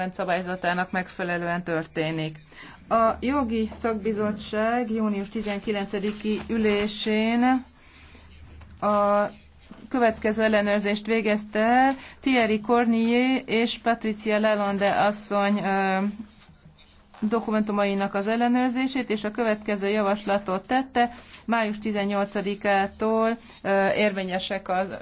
menedzsment szabályzatának megfelelően történik. A jogi szakbizottság június 19-i ülésén a következő ellenőrzést végezte Thierry Cornier és Patricia Lalonde asszony dokumentumainak az ellenőrzését, és a következő javaslatot tette, május 18-ától érvényesek az